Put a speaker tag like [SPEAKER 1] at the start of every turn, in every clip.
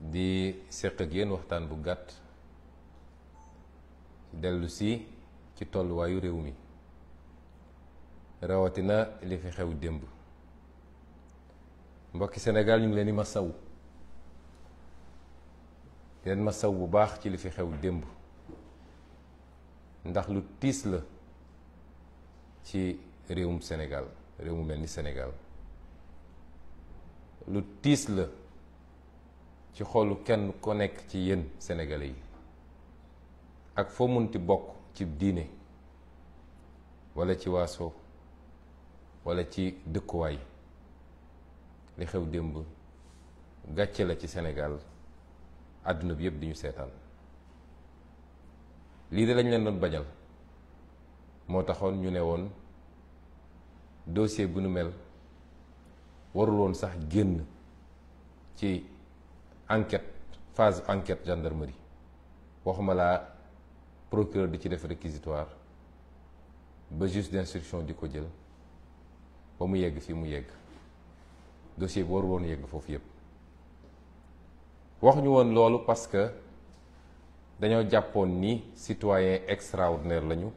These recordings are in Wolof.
[SPEAKER 1] di séq ak yéen waxtaan bu gàtt dellu ci tolluwaayu réew mi rawatina li fi xew démb mbokki Sénégal ñu ngi leen di masaw di leen saw bu baax ci li fi xew démb ndax lu tiis la ci réewum Sénégal réew mu mel ni Sénégal lu tiis la ci xoolu kenn ko nekk ci yenn sénégalais yi ak foo munti bokk ci diine walla ci waaso wala ci dëkkuwaay li xew démb gàcce la ci Sénégal àdduna bi yépp di ñu seetaan lii de lañ leen doon bañal moo taxoon ñu ne woon dossier bu nu mel waruloon sax génn ci enquête phase enquête gendarmerie waxuma la procureur di ci def réquisitoire ba juste d'instruction diko ko jël ba mu yegg fii mu yegg dossier bor won yegg foofu yeb wax ñu woon loolu parce que dañoo jàppoon ni citoyen extraordinaire lañu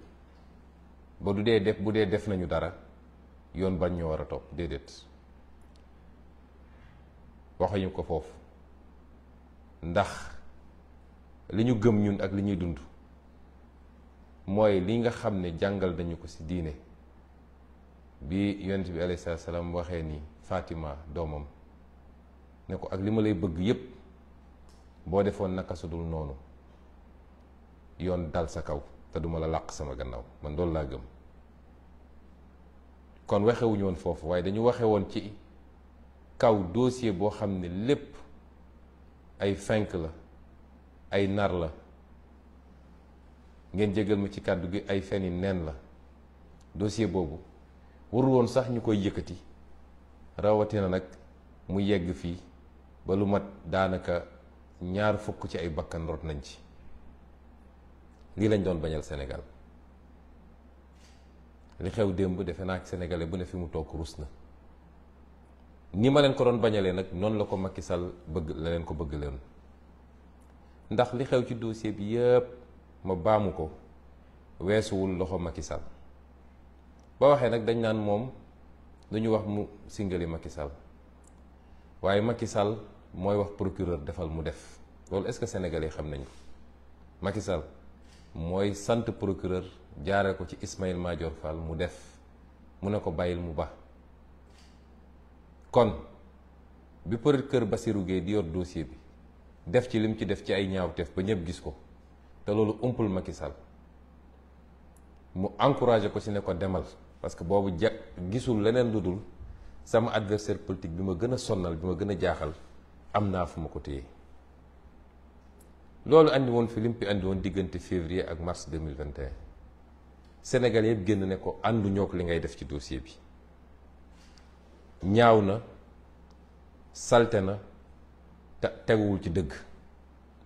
[SPEAKER 1] ba du dee def bu dee def nañu dara yoon bañ ñu wara top topp déedéet waxuñu ko foofu ndax li ñu gëm ñun ak li ñuy dund mooy li nga xam ne jàngal nañu ko ci diine bi yonent bi alayhi salaam waxee ni Fatima doomam ne ko ak li ma lay bëgg yépp boo defoon naka su dul noonu yoon dal sa kaw te duma la làq sama gannaaw man loolu laa gëm kon waxewuñu woon foofu waaye dañu waxe woon ci kaw dossier boo xam ne lépp ay fenk la ay nar la ngeen jégal ma ci kàddu gi ay feni neen la dossier boobu warul woon sax ñu koy yëkkati rawatina nag mu yegg fii ba lu mat daanaka ñaar fukk ci ay bakkan rot nañ ci lii lañ doon bañal senegal li xew démb defe naa ak sénégalais bu ne fi mu toog rus na ni ma leen ko doon bañalee nag noonu la ko Macky Sall bëgg la leen ko bëgg leen ndax li xew ci dossier bi yëpp ma baamu ko weesuwul loxo Macky Sall ba waxee nag dañ naan moom lu ñu wax mu singali Macky Sall waaye Macky Sall mooy wax procureur defal mu def loolu est-ce que sénégalais xam nañu ko Sall mooy sant procureur jaare ko ci Ismaïla Madior Fall mu def mu ne ko bàyyil mu ba kon bi procureur Bassirou Guèye di yor dossier bi def ci lim ci def ci ay ñaawteef ba ñëpp gis ko te loolu umpul Macky Sall mu encouragé ko si ne ko demal parce que boobu ja gisul leneen lu dul sama adversaire politique bi ma gën a sonnal bi ma gën a jaaxal am naa fu ma ko téye loolu andi woon fi lim bi woon diggante février ak mars 2021 Sénégal yëpp génn ne ko ànduñoo ko li ngay def ci dossier bi ñaaw na salte na te teguwul ci dëgg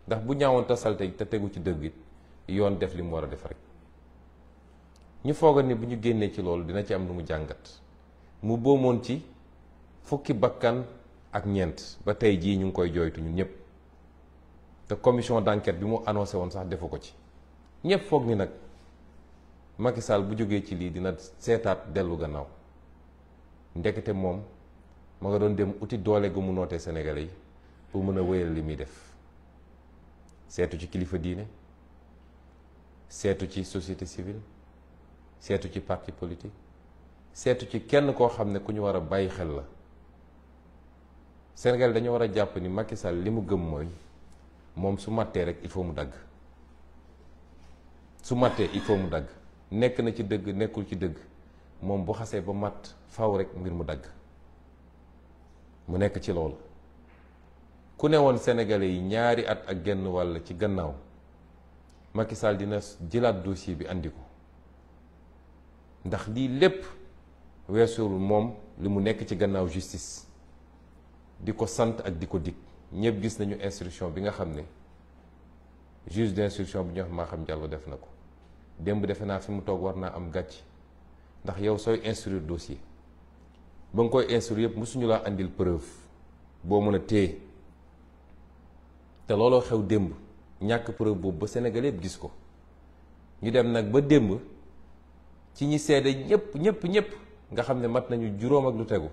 [SPEAKER 1] ndax bu ñaawoon te salte te tegu ci dëgg it yoon def li mu war a def rek ñu fooga ni bu ñu génnee ci loolu dina ci am lu mu jàngat mu boomoon ci fukki bakkan ak ñeent ba tey jii ñu ngi koy jooytu ñun ñëpp te commission d'enquête bi mu annoncé woon sax defu ko ci ñëpp foog ni nag Macky Sall bu jógee ci lii dina seetaat dellu gannaaw ndekete moom ma nga doon dem uti doole gu mu nootee Sénégalais yi pour mën a wéyal li muy def seetu ci kilifa diine seetu ci société civile seetu ci parti politique seetu ci kenn koo xam ne ku ñu war a bàyyi xel la Sénégal dañoo war a jàpp ni Macky Sall li mu gëm mooy moom su mattee rek il faut mu dagg su mattee il faut mu dagg nekk na ci dëgg nekkul ci dëgg moom bu xasee ba mat faw rek mbir mu dagg mu nekk ci loolu ku ne woon sénégalais yi ñaari at ak genn wàll ci gannaaw Macky Sall dina jëlaat dossier bi andi ko ndax lii lépp weesuwul moom li mu nekk ci gannaaw justice di ko sant ak di ko dikk ñëpp gis nañu instruction bi nga xam ne juge d'instruction bi ñu wax maa xam Diallo def na ko démb defe naa fi mu toog war naa am gàcc ndax yow soy instruire dossier bang koy instruire yep musuñu la andil preuve bo meuna té té lolo xew demb ñak preuve boobu ba Sénégal gis ko ñu dem nag ba demb ci ñi sédé ñep ñep ñep nga xamné mat nañu juroom ak lu tegu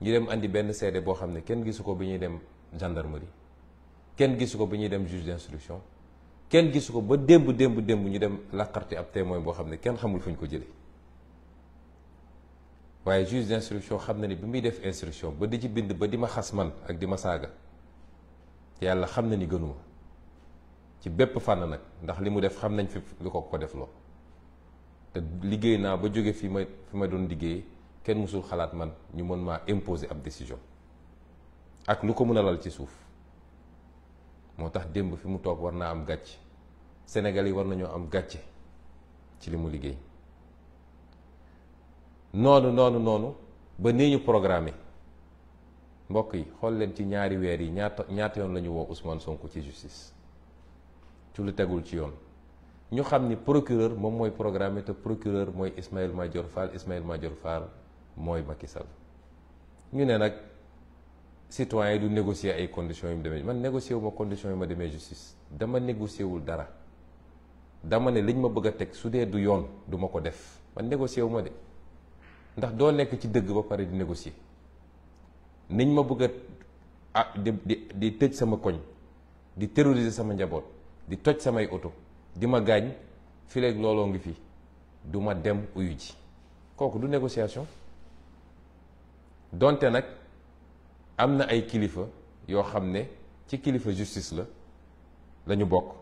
[SPEAKER 1] ñu dem andi benn sédé bo xamné ne kenn gisu ko bi ñuy dem gendarmerie kenn gisuko ko bi ñuy dem juge d'instruction kenn gisuko ba demb demb demb ñu dem ab témoin bo xamné xamul fuñ ko jëlé waaye juge d'instruction xam na ni bi muy def instruction ba di ci bind ba di ma xas man ak di ma saaga te yàlla xam na ni gënuma ci bépp fànn nag ndax li mu def xam nañ fi lu ko ko def loo te liggéey naa ba jóge fi ma fi ma doon liggéey kenn mësul xalaat man ñu mën maa imposer ab décision ak lu ko mën a lal ci suuf moo tax démb fi mu toog war naa am gàcce Sénégal yi war nañoo am gàcce ci li mu liggéey noonu noonu noonu ba nii ñu programmé mbokk yi xool leen ci ñaari weer yi ñaata ñaata yoon la ñu woo Ousmane Sonko ci justice ci lu tegul ci yoon ñu xam ni procureur moom mooy programme te procureur mooy Ismaïla Madior Fall Ismaïla Madior Fall mooy Macky Sall ñu ne nag citoyen yi du négocier ay conditions yu mu man négocier wu ma conditions yu ma demee justice dama négocier wul dara dama ne liñ ma bëgg a teg su dee du yoon duma ko def man négocier wu ma de. ndax doo nekk ci dëgg ba pare di négocier niñ ma bëgg a ah, di di di tëj sama koñ di terroriser sama njaboot di toj samay oto di ma gaañ fileeg looloo ngi fi du ma dem uyu ji kooku du négociation donte nag am na ay kilifa yoo xam ne ci kilifa justice la la bokk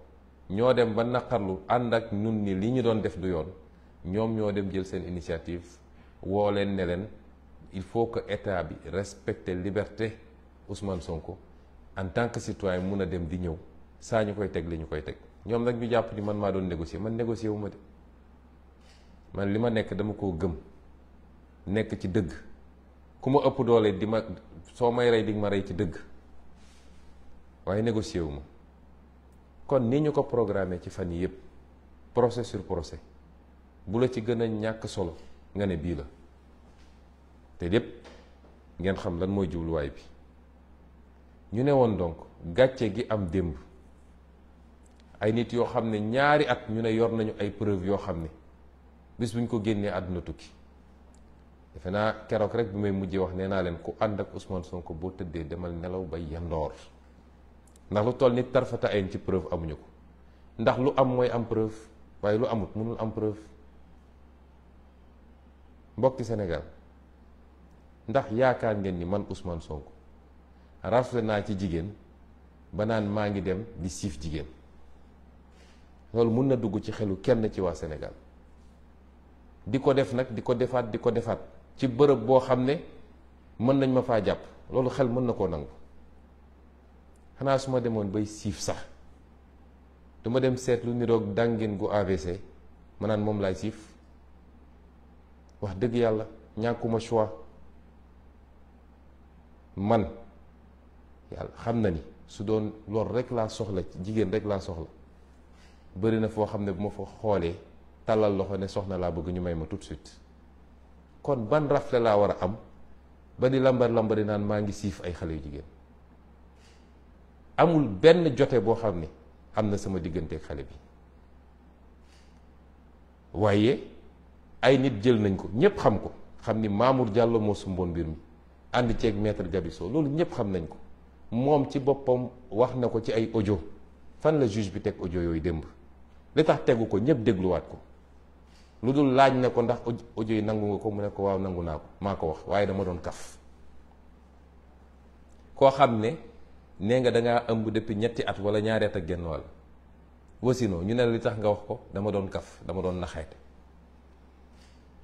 [SPEAKER 1] ñoo dem ba naqarlu ànd ak ñun ni li ñu doon def du yoon ñoom ñoo dem jël seen initiative woo leen ne il faut que état bi respecte liberté Ousmane Sonko en tant que citoyen mun dem di ñew saa ñu koy teg li ñu koy teg ñoom nag ñu japp ni man ma doon négocier man négocier wu ma dé man lima nek dama ko gëm nek ci deug kuma ma ëpp doole di ma so may rey di ma rey ci deug waaye négocier wu ma kon ni ñu ko programmé ci fan yépp procès sur procès bu la ci gëna ñak solo nga né bi la te lépp ngeen xam lan mooy jubluwaay bi ñu ne woon donc gàcce gi am démb ay nit yoo xam ne ñaari at ñu ne yor nañu ay preuve yoo xam ne bis buñ ko génnee àdduna tukki defe naa keroog rek bi may mujjee wax nee naa leen ku ànd ak Ousmane Sonko boo tëddee demal nelaw ba yandoor ndax lu toll ni tarfata ayn ci preuve amuñu ko ndax lu am mooy am preuve waaye lu amut mënul am preuve mbokki senegal ndax yaakaar ngeen ni man Ousmane Sonko rafle naa ci jigéen ba naan maa ngi dem di sif jigéen loolu mun na dugg ci xelu kenn ci waa Sénégal di ko def nag di ko defaat di ko defaat ci bërëb boo xam ne mën nañ ma faa jàpp loolu xel mën na koo nangu xanaa su ma demoon bay siif sax du ma dem seetlu niroog dàngeen gu AVC ma naan moom laay siif wax dëgg yàlla ñàkkuma choix man yalla xam na ni su doon lor rek la soxla jigen rek la soxla beuri na fo xamne buma bu ma fa xoolee loxo ne soxna la bëgg ñu may ma tout de suite kon ban rafle lawar wara am ba di lambar lambari naan ma ngi sif ay xalé jigen amul ben jotté bo xamne ne sama digganteeg bi wayé ay nit jël nañ ko ñepp xam ko xamni Mamour Diallo mi ànd ceeg maître Gabisso loolu ñëpp xam nañ ko moom ci boppam wax na ko ci ay audio fan la juge bi teg audio yooyu démb li tax tegu ko ñëpp dégluwaat ko lu dul laaj na ko ndax ojo yi nangu nga ko mu ne ko waaw nangu naa ko maa ko wax waaye dama doon kaf koo xam ne nee nga dangaa ëmb depuis ñetti at wala ñaari at ak genn wàll wasino ñu ne li tax nga wax ko dama doon kaf dama doon naxeete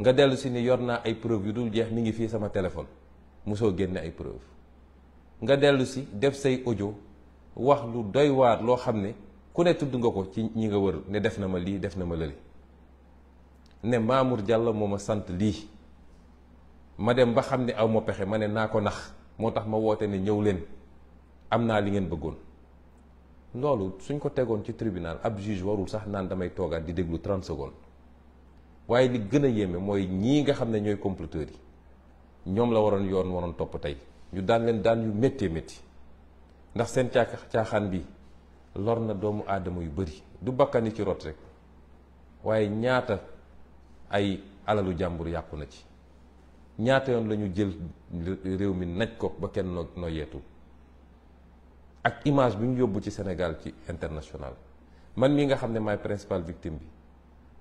[SPEAKER 1] nga dellu si ni yor naa ay preuve yu dul jeex mi ngi fii sama téléphone musoo génne ay preuve nga dellu si def say ojo wax lu doy waar loo xam ne ku ne tudd nga ko ci ñi nga wër ne def na ma lii def na ma lële ne Mamour Diallo moo ma sant lii ma dem ba xam ne aw ma pexe ma ne naa ko nax moo tax ma woote ne ñëw leen am naa li ngeen bëggoon loolu suñ ko tegoon ci tribunal ab juge warul sax naan damay toogaat di déglu 30 secondes waaye li gën a yéeme mooy ñii nga xam ne ñooy comploteurs yi ñoom la waroon yoon waroon topp tey ñu daan leen daan yu méttee métti ndax seen caaxaan bi lor na doomu aadama yu bëri du bakkan yi ci rot rek waaye ñaata ay alalu jàmbur yàpp na ci ñaata yoon lañu jël réew mi naj ko ba kenn noo noo yeetu ak image bi ñu yóbbu ci Sénégal ci international man mii nga xam ne maay principal victim bi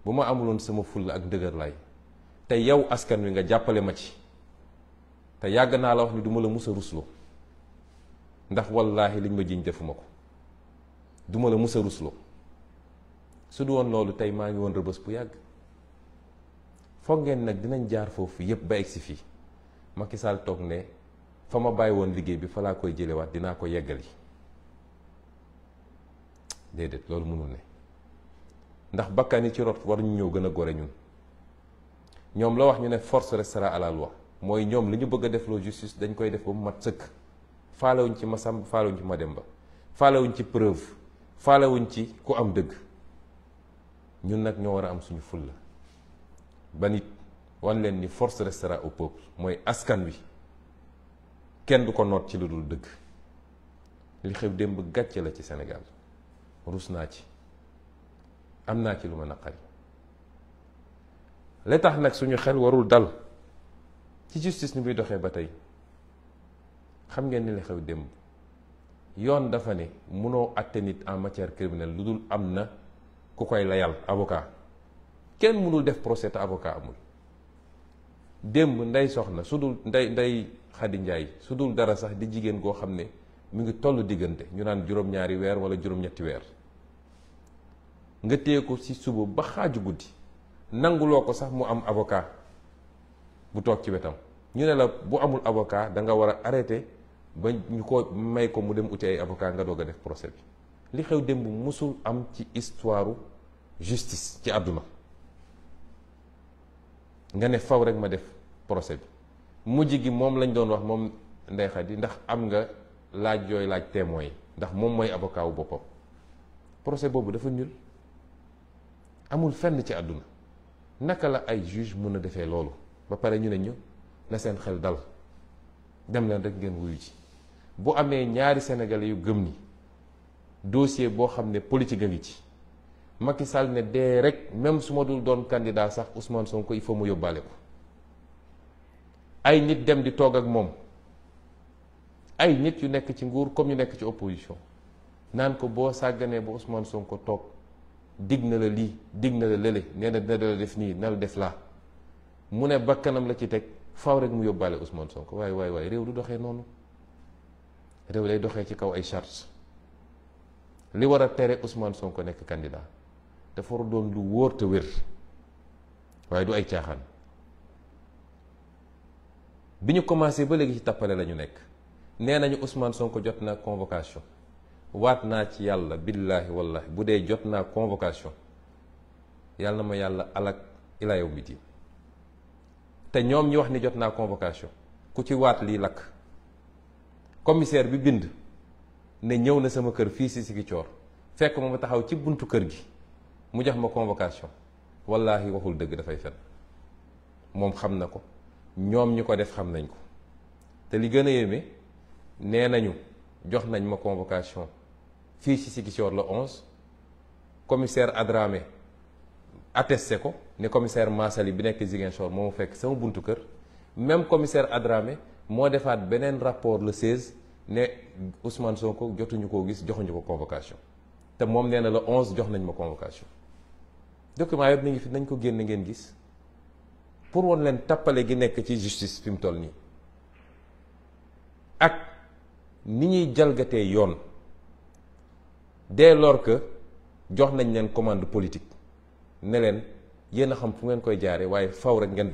[SPEAKER 1] bu ma amuloon sama fulla ak ndëgër laay te yow askan wi nga jàppale ma ci te yàgg naa la wax ni du ma la mus a rusloo ndax wallaahi liñ ma jiñ defuma ko du ma la mus a su du woon loolu tey maa ngi woon rëbës bu yàgg foog ngeen nag dinañ jaar foofu yépp ba egsi fii ma ki Sall toog ne fa ma bàyyi woon liggéey bi fa laa koy jëlewaat dinaa ko yeggali déedéet loolu mënul ne ndax bakkan yi ci rot war ñu ñëw gën a gore ñun ñoom la wax ñu ne force restera à la mooy ñoom li ñu bëgg a defloo justice dañ koy def ba mu mat sëkk faalewuñ ci Masamba faalewuñ ci Mademba faalewuñ ci preuve faalewuñ ci ku am dëgg ñun nag ñoo war a am suñu fulla ba nit wan leen ni force restera au peuple mooy askan wi kenn du ko noot ci lu dul dëgg li xew démb gàcce la ci senegal rus naa ci am naa ci lu ma naqari li tax nag suñu xel warul dal ci justice ni muy doxé ba tay xam ngeen ni la xew dem yoon dafa ne munoo atté nit en matière criminelle lu amna ku koy layal avocat kenn mënul def procès ta avocat amul dem nday soxna sudul dul nday nday xadi sudul su dara sax di jigen go xamne mi ngi tollu digeunte ñu naan juroom ñaari weer wala juroom ñetti weer nga teeku ci suba ba xaju guddii nanguloo sax mu am avocat bu toog ci wetam ñu ne la bu amul avocat danga war a arrêté ba ñu ko may ko mu dem uti ay avocat nga doog a def procès bi li xew démb mosul am ci histoire justice ci àdduna nga ne faw rek ma def procès bi mujj gi moom lañ doon wax moom ndeexat Khady ndax am nga laaj yooy laaj témoin yi ndax moom mooy avocat wu boppam procès boobu dafa ñuul amul fenn ci àdduna naka la ay juge mun a defee loolu ba pare ñu ne ñu na seen xel dal dem leen rek ngeen wuyu ji bu amee ñaari sénégalais yu gëm ni dossier boo xam ne politique a ngi ci Macky Sall ne dee rek même su ma dul doon candidat sax Ousmane Sonko il faut mu yóbbaale ko ay nit dem di toog ak moom ay nit yu nekk ci nguur comme ñu nekk ci opposition naan ko boo sàgganee ba Ousmane Sonko toog dig na la lii dig na la lële nee na dina la def nii na la def laa mu ne bakkanam la ci teg faw rek mu yóbbaale Ousmane Sonko waaye waaye waaye réew du doxe noonu réew lay doxe ci kaw ay chartes li war a tere Ousmane Sonko nekk candidat te war a doon lu wóor te wér waaye du ay caaxaan bi ñu commencé ba léegi ci tappale la ñu nekk nee nañu Ousmane Sonko jot naa convocation waat naa ci yàlla billaahi wallahi bu dee jot naa convocation yàlla na ma yàlla alak ilaa yow miti te ñoom ñi wax ni jot naa convocation ku ci waat lii lakk commissaire bi bind ne ñëw na sama kër fii si Ziguinchor fekk ma ma taxaw ci buntu kër gi mu jox ma convocation wallaahi waxul dëgg dafay fen moom xam na ko ñoom ñi ko def xam nañ ko te li gën a yéeme nee nañu jox nañ ma convocation fii si Ziguinchor le 11 commissaire Adramé attesté ko ne commissaire Massali bi nek Ziguinchor moo ma fekk sama buntu keur même commissaire Adramé mo defat benen rapport le 16 ne Ousmane Sonko jotuñu ko gis joxuñu ko convocation té mom nee le 11 joxnañ ma convocation document yëpp ni ngi fi nañ ko genn ngeen gis pour won len tapalé gi nek ci justice fim mu toll nii ak ni ñuy jalgatee yoon dès lors que joxnañ len commande politique nelen il xam fu ngeen koy ngeen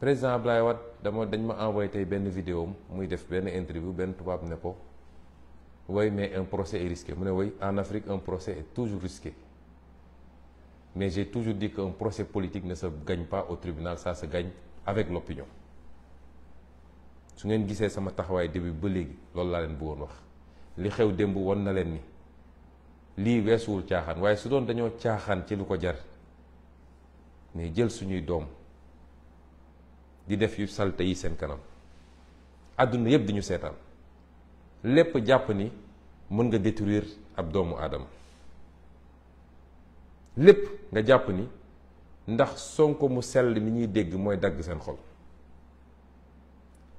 [SPEAKER 1] président ma envoyé tey vidéo def interview mais un procès est risqué en Afrique un procès est toujours risqué mais j'ai toujours dit qu'un procès politique ne se gagne pas au tribunal ça se gagne avec l'opinion su ngeen gisee sama taxawaay début ba léegi loolu laa leen bëggoon wax li xew ni lii weesuwul caaxaan waaye su doon dañoo caaxaan ci lu ko jar mais jël suñuy doom di def yu salte yi seen kanam àdduna yëpp di ñu seetaan lépp jàpp ni mën nga détruire ab doomu aadama lépp nga jàpp ni ndax Sonko mu sell mi ñuy dégg mooy dagg seen xol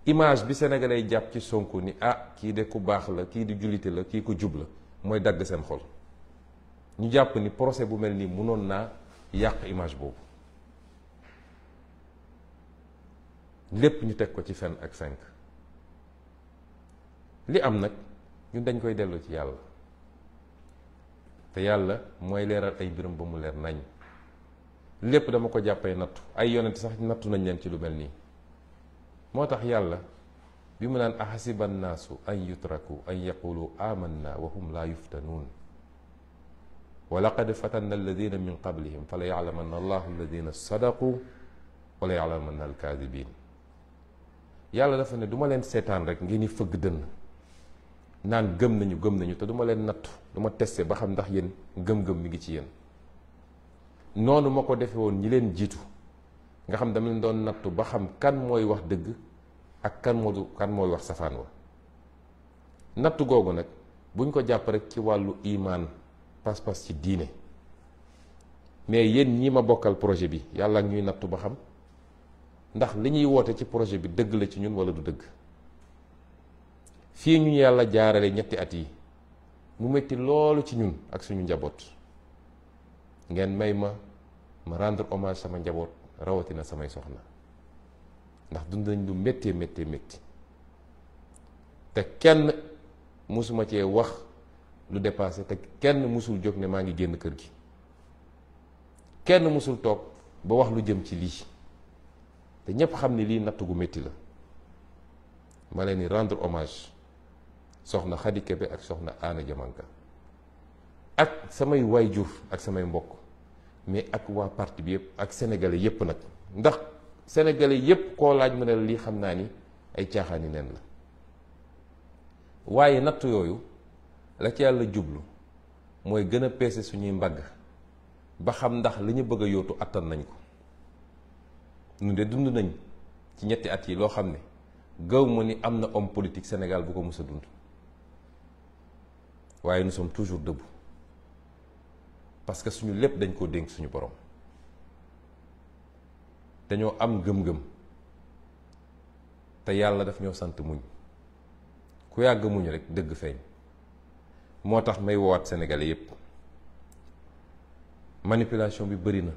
[SPEAKER 1] image bi sénégalais jàpp ci Sonko ni ah kii de ku baax la kii di jullite la kii ko jub la mooy dagg seen xol ñu japp ni procès bu melni mënon na yaq image bobu lepp ñu tek ko ci fenn ak cinq li am nak ñun dañ koy delu ci yalla te yalla moy leral ay birum ba mu leer nañ lepp dama ko jappé natou ay yonent sax natou nañ len ci lu melni motax yalla bimu nan ahasiban nasu yutraku an yaqulu amanna wa hum la yuftanun wa laqad fatanna alladina min qablihim fa la yalamanna allahu alladina sadaqu wa la yalamanna alkaadibin yàlla dafa ne du ma leen seetaan rek ngeen di fëgg dënn naan gëm nañu gëm nañu te du ma leen nattu du ma teste ba xam ndax yéen gëm-gëm mi ngi ci yéen noonu ma ko defe woon ñi leen jiitu nga xam dama leen doon nattu ba xam kan mooy wax dëgg ak kan moo du kan mooy wax safaan wa nattu googu nag buñ ko jàpp rek ci wàllu imaan pas-pas ci diine mais yéen ñi ma bokkal projet bi yàllaa ak ñuy nattu ba xam ndax li ñuy woote ci projet bi dëgg la ci ñun wala du dëgg fii ñu yàlla jaarale ñetti at yi mu metti loolu ci ñun ak suñu njaboot ngeen may ma ma rendre hommage sama njaboot rawatina samay soxna ndax dund nañ lu méttee méttee métti te kenn musuma cee wax lu dépassé te kenn musul jog ne ma ngi génn kër gi kenn musul tok ba wax lu jëm ci li te ñepp xam ne lii natt gu metti la ma leen rendre hommage soxna khadike Kébé ak soxna ana jamanka ak samay waajur ak samay mbokk mais ak wa parti bi yëpp ak sénégalais yep nak ndax sénégalais yëpp ko laaj mu ne la ni ay tiaxani la waye natt yoyu la ci yàlla jublu mooy gën a peese suñuy mbagg ba xam ndax li ñu bëgg yootu attan nañ ko nu de dund nañ ci ñetti at yi loo xam ne gaw ma ni am na om politique Sénégal bu ko mës a dund waaye nous sommes toujours debout parce que suñu lépp dañ koo dénk suñu borom dañoo am gëm-gëm te yàlla daf ñoo sant muñ ku yàgg muñ rek dëgg feeñ moo tax may woowaat Sénégalais yépp manipulation bi bëri na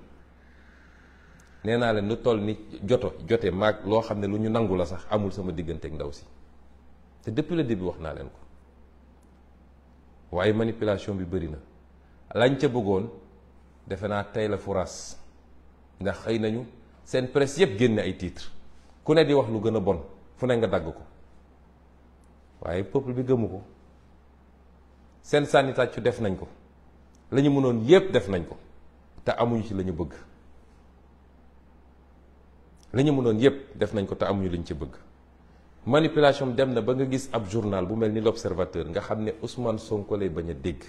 [SPEAKER 1] nee naa leen lu toll ni joto jote maag loo xam ne lu ñu nangu la sax amul sama diggante ak ndaw si te depuis le début wax naa leen ko waaye manipulation bi bëri na lañ ca bëggoon defe naa tey la furaas ndax xëy nañu seen presse yépp génne ay titre ku ne di wax lu gën a bon fu ne nga dagg ko waaye peuple bi gëmu ko sen sànni tàccu def nañ ko lañu mënon yépp def nañ ko te amuñu ci lañu bëgg lañu mënon yépp def nañ ko amuñu liñ ci bëgg manipulation dem na ba nga gis ab journal bu melni l'observateur nga xamné Ousmane Sonko lay baña dégg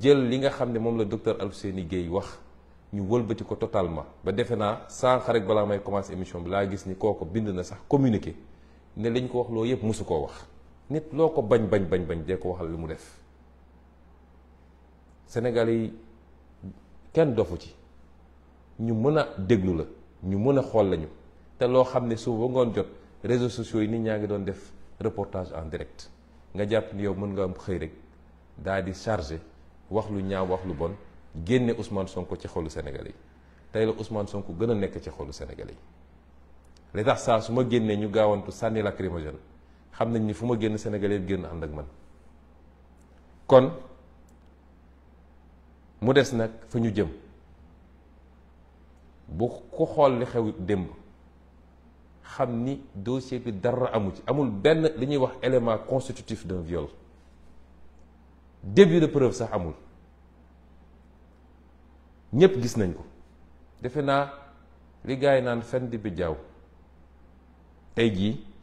[SPEAKER 1] jël li nga xamné mom la docteur Alfousseyni Gueye wax ñu wëlbati ko totalement ba defe naa sànq rek may commencer émission bi la gis ni koko bind na sax communiquer né liñ ko wax lo yépp musu ko wax nit loo ko bañ bañ bañ bañ dee ko waxal li mu def Sénégal yi kenn dofu ci ñu mën a déglu la ñu mën a xool lañu te loo xam ne suuf ba ngoon jot réseaux sociaux yi nit ñaa ngi doon def reportage en direct nga jàpp ni yow mën nga am xëy rek daal di chargé wax lu ñaaw wax lu bon génne Ousmane sonk ci xolu Sénégal yi tey la Ousmane sonk gën a nekk ci xolu Sénégal yi li tax saa su ma génnee ñu gaawantu sànni lacrymogène xam nañ ni fu ma génn Sénégalais yëpp génn ànd ak man kon mu des nag fa ñu jëm bu ku xool li xew démb xam ni dossier bi dara amu ci amul benn li ñuy wax élément constitutif de viol début de preuve sax amul ñépp gis nañ ko defe naa li gars yi naan fen bi jaaw tey jii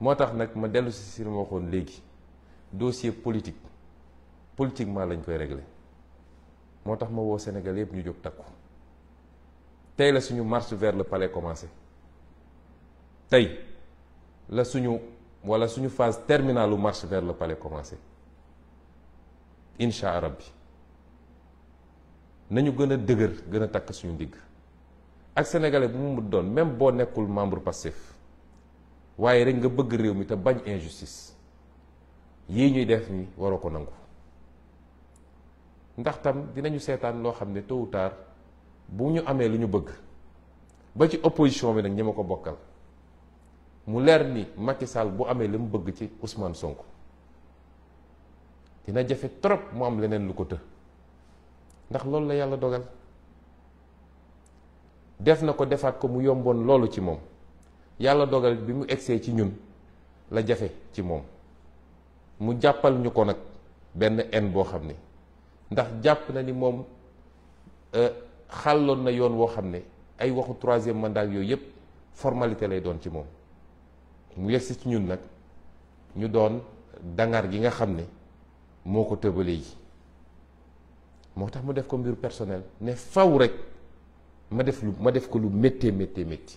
[SPEAKER 1] moo tax nag ma dellu si si ma waxoon léegi dossier politique politiquement lañ koy régler moo tax ma woo Sénégal yëpp ñu jóg takku tey la suñu marche vers le palais commencé tey la suñu wala suñu phase terminale u marche vers le palais commencé incha rabbi nañu gën a dëgër gën a takk suñu ndigg ak sénégalais bu mu doon même boo nekkul membre passif waaye rek nga bëgg réew mi te bañ injustice yii ñuy def ni waroo ko nangu ndax tam dinañu seetaan loo xam ne tôt ou tard bu ñu amee lu ñu bëgg ba ci opposition bi nag ñi ma ko bokkal mu leer ni Macky Sall bu amee li mu bëgg ci Ousmane sonk dina jafe trop mu am leneen lu ko të ndax loolu la yàlla dogal def na ko defaat ko mu yomboon loolu ci moom yàlla dogal bi mu egsee ci ñun la jafe ci moom mu jàppal ñu ko nag benn en boo xam ne ndax jàpp na ni moom euh, xàlloon na yoon woo xam ne ay waxu troisième mandat yooyu yëpp formalité lay doon ci moom mu yegsi ci ñun nag ñu doon dangar gi nga xam ne moo ko tëbalee yi moo tax mu def ko mbir personnel ne faw rek ma def ma def ko lu méttee méttee métti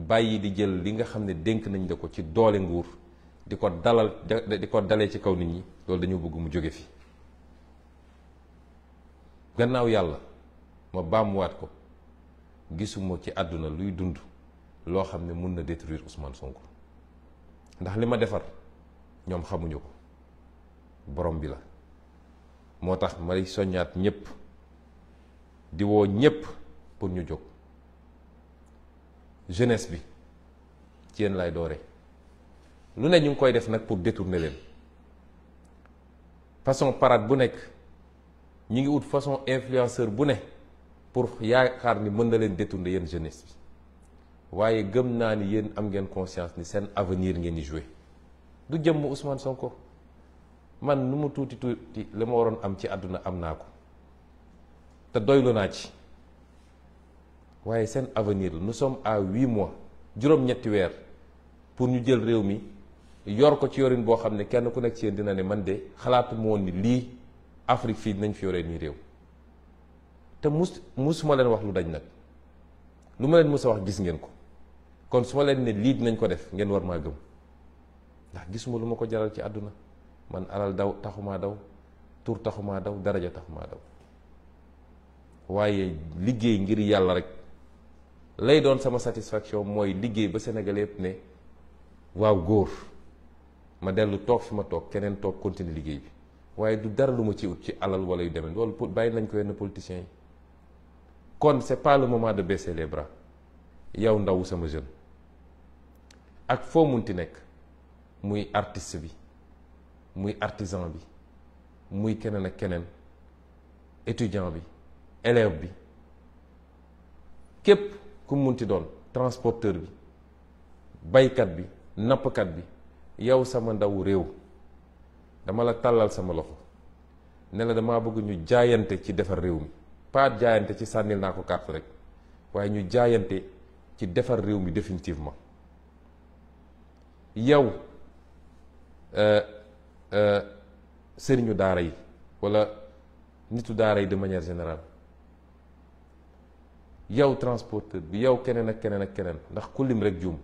[SPEAKER 1] bayyi di jël li nga xam denk nañ la ko ci doole nguur diko dalal diko dalé ci kaw nit ñi lool dañu bëgg mu joggé fi gannaaw ma wat ko gisuma ci aduna luy dund lo xam mën na détruire Ousmane Sonko ndax lima défar defar xamuñu ko borom bi la motax ma lay soñaat ñepp di wo ñepp pour ñu jog jeunesse bi ci yéen lay doore lu ne ñu koy def nak pour détourner len façon parade bu nek ñi ngi out façon influenceur bu nek pour yaakaar ni mën na détourner yéen jeunesse bi waaye gëm naa ni am ngeen conscience ni sen avenir ngeen ni jouer du jëm Ousmane Sonko man nu mu tuuti tuuti li ma waroon am ci aduna am nako te doylu ci waaye seen avenir la nous sommes à huit mois juróom-ñetti weer pour ñu jël réew mi yor ko ci yorin boo xam ne kenn ku nekk ci yéen dina ne man de xalaatu ma woon ni lii Afrique fii dinañ fi yore nii réew te mus musuma leen wax lu dañ nag lu ma leen mësa wax gis ngeen ko kon su ma leen ne lii dinañ ko def ngeen war maa gëm ndax gisuma lu ma ko jaral ci àdduna man alal daw taxumaa daw tur taxumaa daw daraja taxumaa daw waaye liggéey ngir yàlla rek lay doon sama satisfaction ba ne waaw ma dellu toog fi ma toog keneen toog continuer bi du dara ci ci alal yu Je ne nañ ko les politiciens kon c'est pas le moment de baisser les bras Il ndaw sama jeune ak où munti nek, muy artiste bi muy artisan bi muy ak étudiant bi élève bi ku mun munti doon transporteur bi baykat bi nappkat bi yow sama ndaw réew dama la tàllal sama loxo ne la damaa bëgg ñu jaayante ci defar réew mi pas jaayante ci sànnil naa ko carte rek waaye ñu jaayante ci defar réew mi définitivement yow euh, euh, sëriñu daara yi walla nitu daara yi de manière générale yow transporteur bi yow keneen ak keneen ak keneen ndax ku rek juum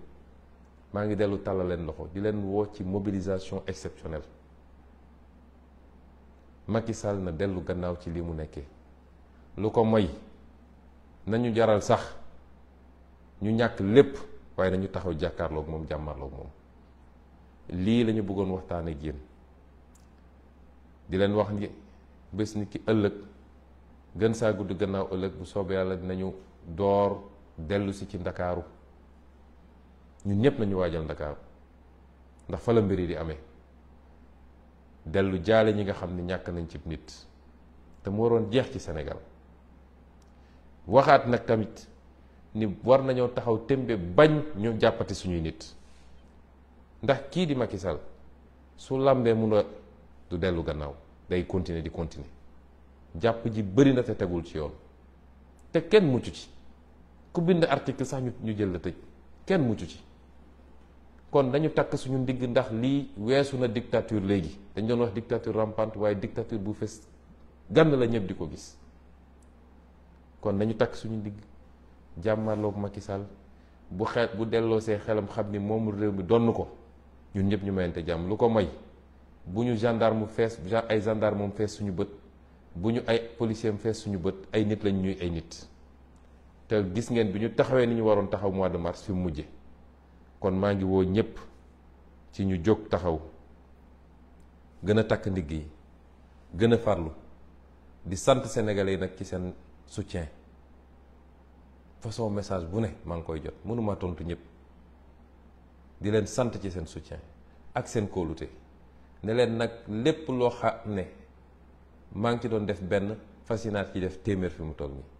[SPEAKER 1] maa ngi dellu tàllal leen loxo di leen woo ci mobilisation exceptionnelle Macky Sall na dellu gannaaw ci lii mu nekkee lu ko moy nañu jaral sax ñu ñàkk lépp waaye nañu taxaw jàkkaarloog moom jàmmarloog moom lii lañu bëggoon waxtaan ak di leen wax ni bés ni ki ëllëg gën saa gudd gannaaw ëllëg bu soobee yàlla dinañu Dor delu ci ci dakaru ñun ñep lañu wajal dakar ndax fa la mbiri di amé delu jaale ñi nga xamni ñak nañ ci nit te mo waroon jeex ci Sénégal waxat nak tamit ni war nañu taxaw témbe bañ ñu jappati suñu nit ndax ki di Macky Sall su làmbee mu a du delu gannaaw day continuer di continuer japp ji bëri na te tegul ci yoon te kenn ci ku bind article sax ñu ñu jël la tëj kenn muccu ci kon dañu takk suñu ndigg ndax lii weesu na dictature léegi dañ doon wax dictature rampante waaye dictature bu fees gànn la ñëpp di ko gis kon dañu takk suñu ndigg jàmmarloog Macky Sall bu xel bu delloo see xelam xam ni moom réew mi donn ko ñun ñëpp ñu mayante jàmm lu ko may bu ñu gendarme fees ay gendarme moom fees suñu bët bu ñu ay policier fees suñu bët ay nit lañ ñuy ay nit te gis ngeen bi ñu taxawee ni ñu waroon taxaw mois de mars fi mu mujje kon maa ngi woo ñëpp ci ñu jóg taxaw gën a takk ndigg yi gën a farlu di sant sénégalais yi nag ci seen soutien façon message bu ne maa ngi koy jot mënuma tontu ñëpp di leen sant ci seen soutien ak seen kóolute ne leen nag lépp loo xam ne maa ngi ci doon def benn fas fasinaat yi def téeméer fi mu toog nii